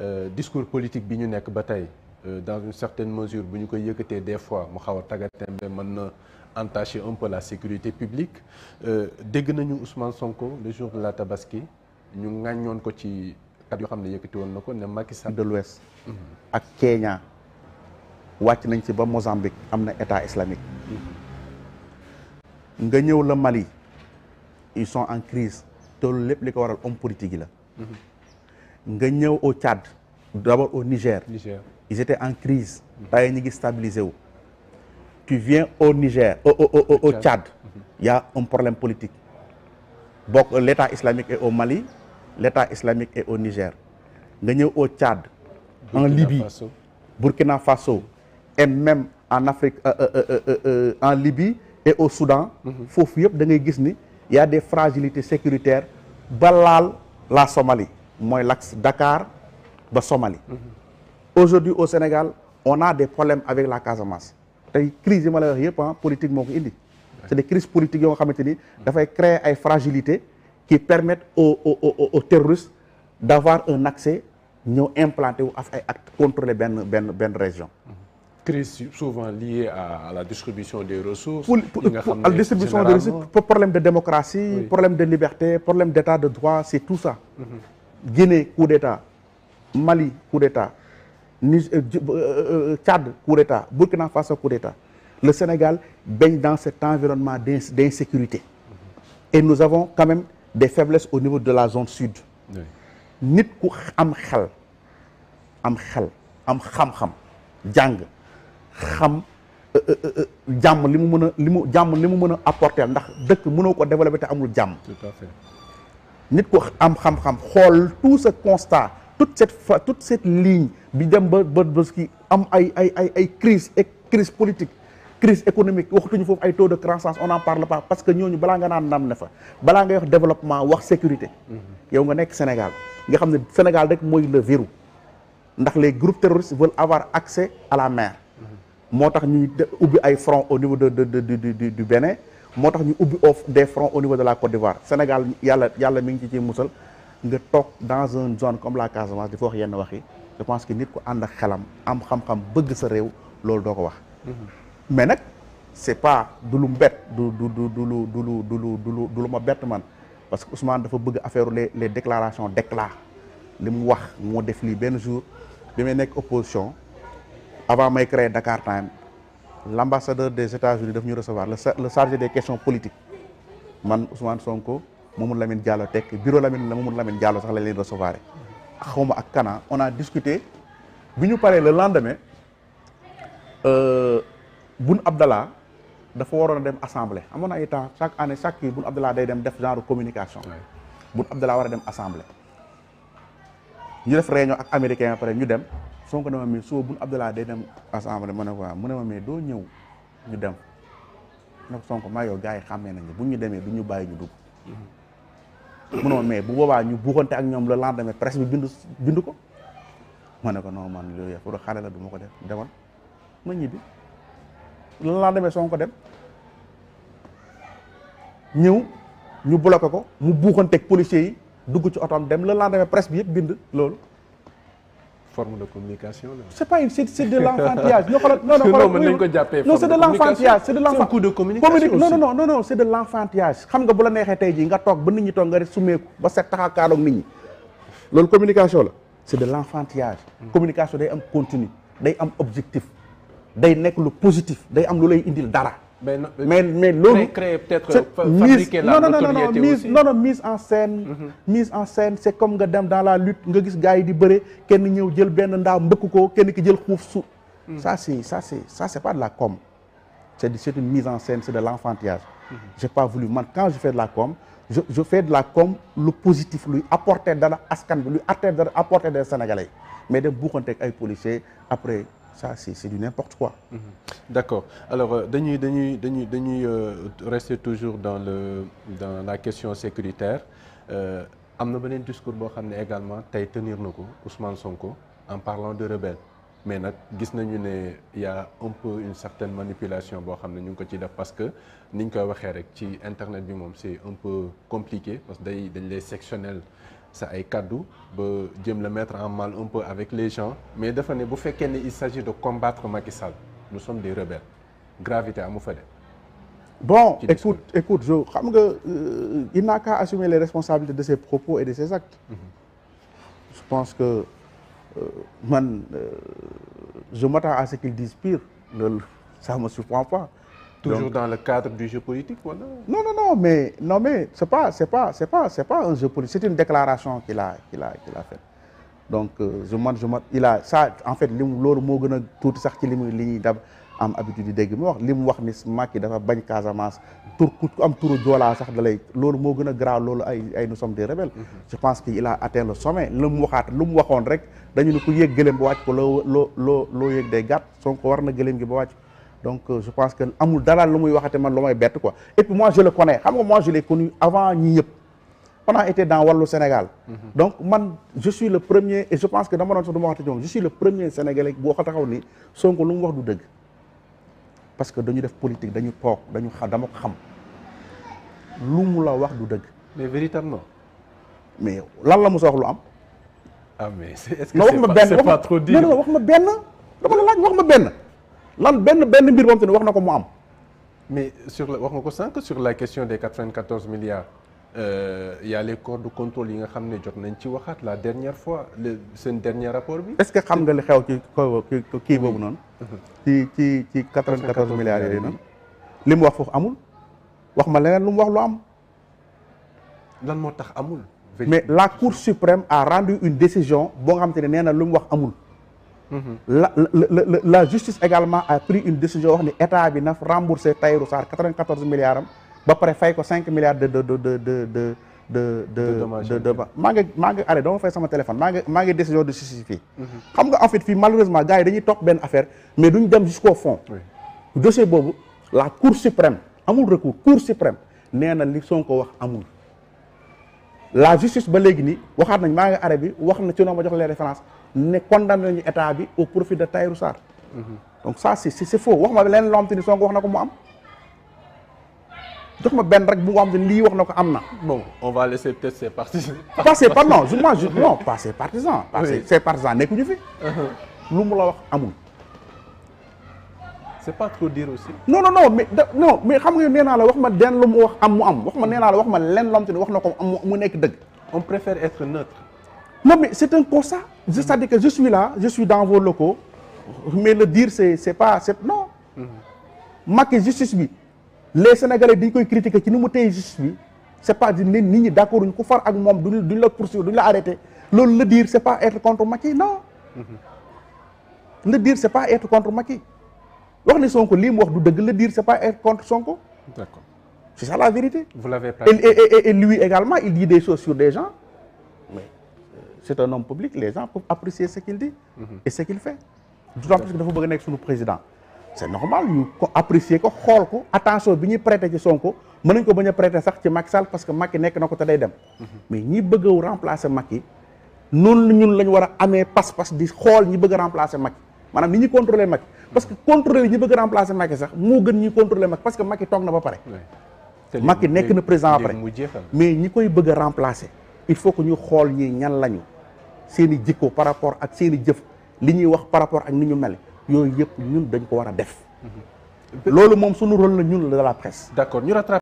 Euh, discours politique bi ñu nekk ba tey euh, dans une certaine mesure bu ñu koy yëkkatee des fois mu xaw a tagatembe mën na entacher un peu la sécurité publique euh, dégg nañu Ousmane Sonko le jour de la Tabaski ñu ŋàññoon ko ci kat yoo xam ne yëkkati woon na ko ne Macky Sall de ak Kenya wàcc nañ ci ba Mozambique am na état islamique mm-hmm. nga ñëw la Mali il sont en crise te loolu lépp li ko waral homme politique yi la mm-hmm. nga ñëw au Tchad d'abord au Niger. Niger ils étaient en crise tey ñu ngi stabilisé wu. tu viens au Niger au au au au Tchad. il mhm. y a un problème politique. bokk l'État islamique est au Mali l'État islamique est au Niger nga ñëw au Tchad. en Libye Burkina Faso et même en Afrique euh, euh, euh, en Libye et au Soudan. Mhm. foofu yëpp da ngay gis ni y des fragilités sécuritaires ba laal la somali mooy lax Dakar ba Somalie aujourd'hui au Sénégal on a des problèmes avec la Casamance tey crise yi ma lay wax yëpp ah politique moo ko indi c'est des crises politiques yoo nga xamante ni dafay créer ay fragilités qui permettent au aux aux terroristes d'avoir un accès ñëw implanté wu af ay actes contrôler benn benn benn région crise souvent liée à la distribution des ressources. pour pour à la distribution des ressources problème de démocratie. problème de liberté problème d'état de droit c'est tout ça. Mm-hmm. Guinée coup d'état Mali coup d'état Niger euh, euh, euh, Tchad coup d'état Burkina Faso coup d'état le Sénégal baigne dans cet environnement d'insécurité et nous avons quand même des faiblesses au niveau de la zone sud nit ku am xel am xel am xam-xam jàng xam euh, jàmm li mu mën a li mu jàmm li mu mën a apporter ndax dëkk mënoo ko développer te amul jàmm nit ko am xam-xam xool tout ce constat toute cette fa tout set ligne bi dem ba ba ba ki am ay ay ay ay crise et crise politique crise économique waxtuñu foofu ay taux de croissance on n'en parle pas parce que ñooñu balaa nga naan ndam ne fa balaa ngay wax développement wax sécurité mm-hmm. yow nga nekk Sénégal nga xam ne Sénégal rek mooy le verrou ndax les groupe terroristes veulent avoir accès à la mer mm-hmm. moo tax ñuy ubbi ay front au niveau de de du Bénin moo tax ñu ubbi off de fronts au niveau de la Côte d'Ivoire Sénégal yàlla yàlla mi ngi ci ciy musal nga toog dans une zone comme la Casamance di fa wax yenn wax yi je que nit ku ànd ak xelam am xam-xam bëgg sa réew loolu doo ko wax. Mhm. mais nag c'est pas du lu mbett du du du du lu du lu du lu du lu ma bett man parce que Ousmane dafa bëgg affaire les les déclarations d'éclat li mu wax moo def lii benn jour bi ma nekk opposition avant may créer Dakar Time. l' ambassadeur des États-Unis daf ñu recevoir le chargé des questions politiques man Ousmane Sonko Mamadou Lamine Diallo tekk bureau Lamine Mamadou Lamine Diallo sax la leen recevoir xawma ak Kana on a discuté bi ñu paree le lendemain euh, Boun Abdallah dafa waroon a dem assemblée amoon na ay temps chaque année chaque kii Boun Abdallah day dem def genre communication Boun Abdallah war a dem assemblée ñu def réunion ak américain pare ñu dem Sonko dama mais soo bun Abdoulaye day dem assemblée ma ne ko waaw mu ne ma mais doo ñëw ñu dem ne ko Sonko maa yow gars yi xàmmee nañu bu ñu demee du ñu bàyyi ñu dugg. Mm-hmm. mu ma mais bu boobaa ñu buuxante ak ñoom le lendemain presse bi bindu bindu ko ma ne ko non man loolu yëpp pour xale la du ma ko def demal ma ñibbi le lendemain Sonko dem ñëw ñu bloqué ko mu buuxante ak policiers yi dugg ci otoom dem le lendemain presse bi yëpp bind loolu. forme de communication là. c'est pas une c'est c'est de l'enfantillage. non de l'enfantillage c'est de l'enfant coup de communication non non non non c'est de l'enfantillage xam nga bu la neexee tey jii nga toog ba nit ñi toog nga rek ba set taxaw kaaloog nit ñi loolu communication la hmm. communication day am contenu day am objectif day nekk lu positif day am lu lay indil dara mais euh, mais mais loolu. créer peut-être fabriquer mise en scène. Mhm. mise en scène c'est comme nga dem dans la lutte nga gis gars yi di bëre kenn ñëw jël benn ndaa mbëkk ko kenn ki jël xuuf su. Mhm. ça c'est ça c'est pas de la com. c'est c'est une mise en scène c'est de l'enfantillage. Mhm. j'ai pas voulu man quand je fais de la com je je fais de la com lu positif luy apporter dara askan bi luy apporter dara apporter des Sénégalais mais dem buuxante ak ay policiers après. ça c'est c'est du n'importe quoi mhm. d'accord alors euh, dañuy dañuy dañuy dañuy euh, rester toujours dans le dans la question sécuritaire euh, am na beneen discours boo xam ne également tey tenir na ko Ousmane Sonko en parlant de rebelle mais nag gis nañu ne y a un peu une certaine manipulation boo xam ne ñu ngi ko ci def parce que ni ñu koy waxee rek ci internet bi moom c'est un peu compliqué parce que day dañ lay sectionnel sa ay kaddu ba jëm la mettre en mal un peu avec les gens mais dafa ne bu fekkee ne il s'agit de combattre Macky Sall nous sommes des rebelles gravité amu fa de. bon écoute écoute je xam nga euh, il n'a qu'à assumer les responsabilités de ses propos et de ses actes. Mm-hmm. je pense que euh, man euh, je m'attends à ce qu'ils disent pire loolu ça me surprend pas. toujours Donc, dans le cadre du jeu politique voilà. non non non mais non mais c'est pas c'est pas c'est pas c'est c'est une déclaration qu'il a qu'il donc euh, je man je man il en fait li mu loolu moo gën a tuuti sax ci li mu li ñuy dab am habitude dégg mu wax li mu wax ni Macky dafa bañ Casamance tur ku am turu joolaa sax da lay loolu moo gën a grave loolu ay ay nous sommes des rebelles je pense que il a atteint le sommet lu mu waxaat lu mu waxoon rek dañu ne ku yéeg gëléem ba wàcc ko loo loo loo loo yéeg day war na gëléem gi ba wàcc donc euh, je pense que amul dara lu muy waxate man lu may bett quoi et puis moi je le connais xam nga moi je l'ai connu avant ñii ñëpp on a été dans wàllu Sénégal mhm. donc man je suis le premier et je pense que dama doon sax du ma waxte ñoom je suis le premier sénégalais boo lu mu wax du dëgg parce que dañu def politique dañu toog dañu xam dama ko xam lu mu la wax du dëgg mais véritablement mais lan la mu sa lu am ah mais est-ce que c'est wax ma benn dama la laaj wax ma benn lan benn benn mbir moom te ne wax na ko mu am. mais sur la wax nga ko sànq sur la question des 94 milliards euh, y a les corps de contrôle yi nga xam ne jot nañ ci waxaat la dernière fois le seen dernier rapport bi. est-ce que xam nga li xew ci kii kii boobu noonu. Mhm. ci ci ci 94 milliards yooyu noonu. li mu wax foofu amul. wax ma leneen lu mu wax lu am. lan moo tax amul. mais la Cour suprême a rendu une décision boo nga xam te ne nee na lu mu wax amul. la la la la justice également a pris une décision wax ni état bi na remboursé Tahirou Sarr 94 milliards am ba pare fay ko 5 milliards de de de de de de de de de maa ngi maa ngi arrêté dama fay sama téléphone maa ngi maa ngi décision de justice fii. Mhm. xam nga en fait fii malheureusement gars yi dañuy topp benn affaire mais duñ dem jusqu'au fond. dossier boobu la cour suprême amul recours cour suprême nee na li ko wax amul. la justice ba léegi nii waxaat nañ maa ngi arrêt bi wax na ci noo ma jox les références ne condamné nañu état bi au profit de Tahirou Sarr mhm. donc ça c'est c'est faux wax ma leen loo xam te ni Sonko wax na ko mu am jox ma benn rek bu nga am te lii wax na ko am na. bon on va laisser peut-être ces partisans. passer non je moi je non pas ces partisans. oui ces partisans nekkuñu fi. Uh-huh. lu mu la wax amul. c'est pas trop dire mais xam nga nee la wax ma den lu mu wax am mu am wax ma nee naa la wax ma lenn lom te ne wax na ko mu nekk dëgg. on préfère être neutre. non mais c'est un constat. Mm-hmm. cest à que je suis là je suis mais le dire c'est c'est pas c'est non. Mm-hmm. Macky justice bi les sénégalais dañ koy critiquer ci ni mu téye justice bi c'est pas di nit nit ñi d'accord ñu ko far ak moom duñ duñ la poursuivre duñ la arrêter loolu le dire c'est pas être contre Macky non. Mm-hmm. wax ne Sonko lii mu wax du dëgg la dire c'est pas être contre Sonko. d'accord c'est ça la vérité. vous il dit des choses sur des gens mais euh, c'est un homme public les gens peuvent apprécier ce qu'il dit. Mhm. et ce qu'il fait. d'autant plus que dafa bëgg nekk suñu président. c'est normal ñu ko apprécier ko xool ko attention bi ñu prêter ci Sonko mën nañ ko bañ a prêter sax ci Macky Sall parce que Macky nekk na ko te day dem. Mhm. mais ñi bëgg a remplacer Macky noonu ñun la ñu war a amee pas-pas di xool ñi bëgg a remplacer Macky. maanaam ni ñu contrôler Macky parce que contrôler yi ñu bëgg remplacer Macky sax moo gën ñuy contrôler Macky parce que Macky toog na ba pare Macky nekk na président après mais ñi koy bëgg a remplacer il faut que ñu xool ñi ñan lañu seen i jikko par rapport ak seen i jëf li ñuy wax par rapport ak ni ñu mel yooyu yëpp ñun dañ ko war a def mhm. loolu moom suñu rôle la ñun la de la